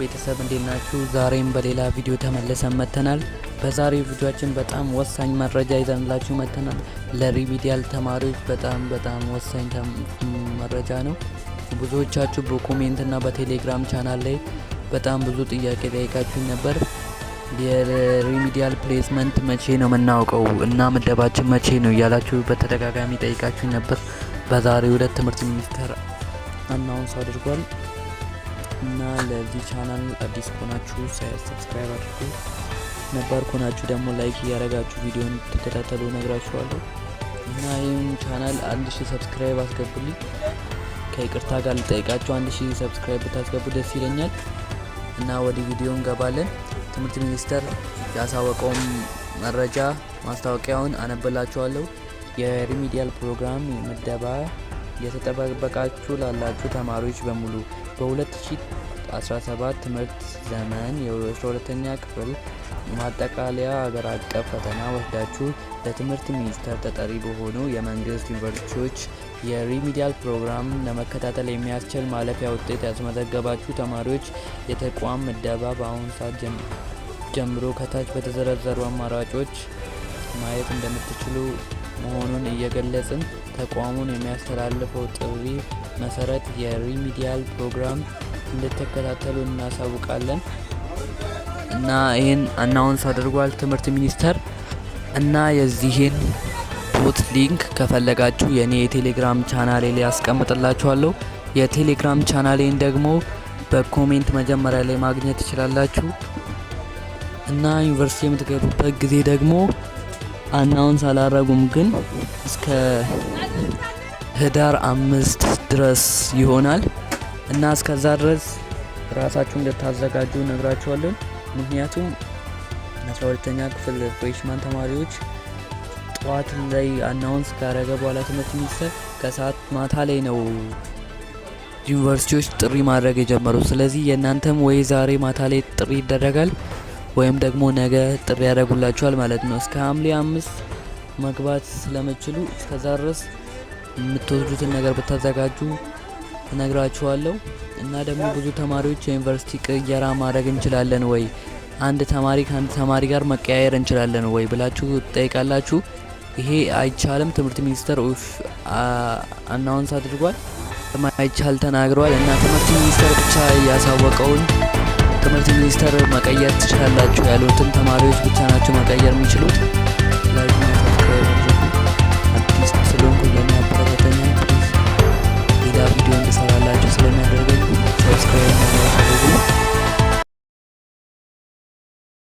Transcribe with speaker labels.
Speaker 1: ቤተሰብ እንዴት ናችሁ? ዛሬም በሌላ ቪዲዮ ተመልሰን መጥተናል። በዛሬው ቪዲዮችን በጣም ወሳኝ መረጃ ይዘንላችሁ መጥተናል። ለሪሚዲያል ተማሪዎች በጣም በጣም ወሳኝ መረጃ ነው። ብዙዎቻችሁ በኮሜንትና በቴሌግራም ቻናል ላይ በጣም ብዙ ጥያቄ ጠይቃችሁ ነበር። የሪሚዲያል ፕሌስመንት መቼ ነው የምናውቀው እና ምደባችን መቼ ነው እያላችሁ በተደጋጋሚ ጠይቃችሁ ነበር። በዛሬው ዕለት ትምህርት ሚኒስቴር አናውንስ አድርጓል። እና ለዚህ ቻናል አዲስ ከሆናችሁ ሰብስክራይብ አድርጉ፣ ነባር ከሆናችሁ ደግሞ ላይክ እያደረጋችሁ ቪዲዮን ተከታተሉ ነግራችኋለሁ። እና ይህን ቻናል አንድ ሺህ ሰብስክራይብ አስገቡልኝ። ከይቅርታ ጋር ልጠይቃችሁ፣ አንድ ሺህ ሰብስክራይብ ብታስገቡ ደስ ይለኛል። እና ወደ ቪዲዮ እንገባለን። ትምህርት ሚኒስቴር ያሳወቀውን መረጃ ማስታወቂያውን አነበላችኋለሁ። የሪሚዲያል ፕሮግራም ምደባ እየተጠበቃችሁ ላላችሁ ተማሪዎች በሙሉ በ2017 ትምህርት ዘመን የ12ኛ ክፍል ማጠቃለያ አገር አቀፍ ፈተና ወስዳችሁ ለትምህርት ሚኒስቴር ተጠሪ በሆኑ የመንግስት ዩኒቨርሲቲዎች የሪሚዲያል ፕሮግራም ለመከታተል የሚያስችል ማለፊያ ውጤት ያስመዘገባችሁ ተማሪዎች የተቋም ምደባ በአሁኑ ሰዓት ጀምሮ ከታች በተዘረዘሩ አማራጮች ማየት እንደምትችሉ መሆኑን እየገለጽን ተቋሙን የሚያስተላልፈው ጥሪ መሰረት የሪሚዲያል ፕሮግራም እንድትከታተሉ እናሳውቃለን እና ይህን አናውንስ አድርጓል ትምህርት ሚኒስቴር እና የዚህን ቦት ሊንክ ከፈለጋችሁ የእኔ የቴሌግራም ቻናሌ ላይ ያስቀምጥላችኋለሁ። የቴሌግራም ቻናሌን ደግሞ በኮሜንት መጀመሪያ ላይ ማግኘት ትችላላችሁ እና ዩኒቨርሲቲ የምትገቡበት ጊዜ ደግሞ አናውንስ አላረጉም፣ ግን እስከ ህዳር አምስት ድረስ ይሆናል እና እስከዛ ድረስ ራሳችሁ እንድታዘጋጁ ነግራችኋለን። ምክንያቱም አስራ ሁለተኛ ክፍል ፍሬሽማን ተማሪዎች ጠዋት ላይ አናውንስ ካረገ በኋላ ትምህርት ሚኒስቴር ከሰዓት ማታ ላይ ነው ዩኒቨርሲቲዎች ጥሪ ማድረግ የጀመሩ። ስለዚህ የእናንተም ወይ ዛሬ ማታ ላይ ጥሪ ይደረጋል ወይም ደግሞ ነገ ጥሪ ያደርጉላችኋል ማለት ነው። እስከ ሐምሌ አምስት መግባት ስለምችሉ እስከዛ ድረስ የምትወስዱትን ነገር ብታዘጋጁ እነግራችኋለሁ። እና ደግሞ ብዙ ተማሪዎች የዩኒቨርሲቲ ቅየራ ማድረግ እንችላለን ወይ፣ አንድ ተማሪ ከአንድ ተማሪ ጋር መቀያየር እንችላለን ወይ ብላችሁ ትጠይቃላችሁ። ይሄ አይቻልም። ትምህርት ሚኒስቴር አናውንስ አድርጓል፣ ማይቻል ተናግረዋል። እና ትምህርት ሚኒስቴር ብቻ ያሳወቀውን ትምህርት ሚኒስቴር መቀየር ትችላላችሁ ያሉትን ተማሪዎች ብቻ ናቸው መቀየር የሚችሉት።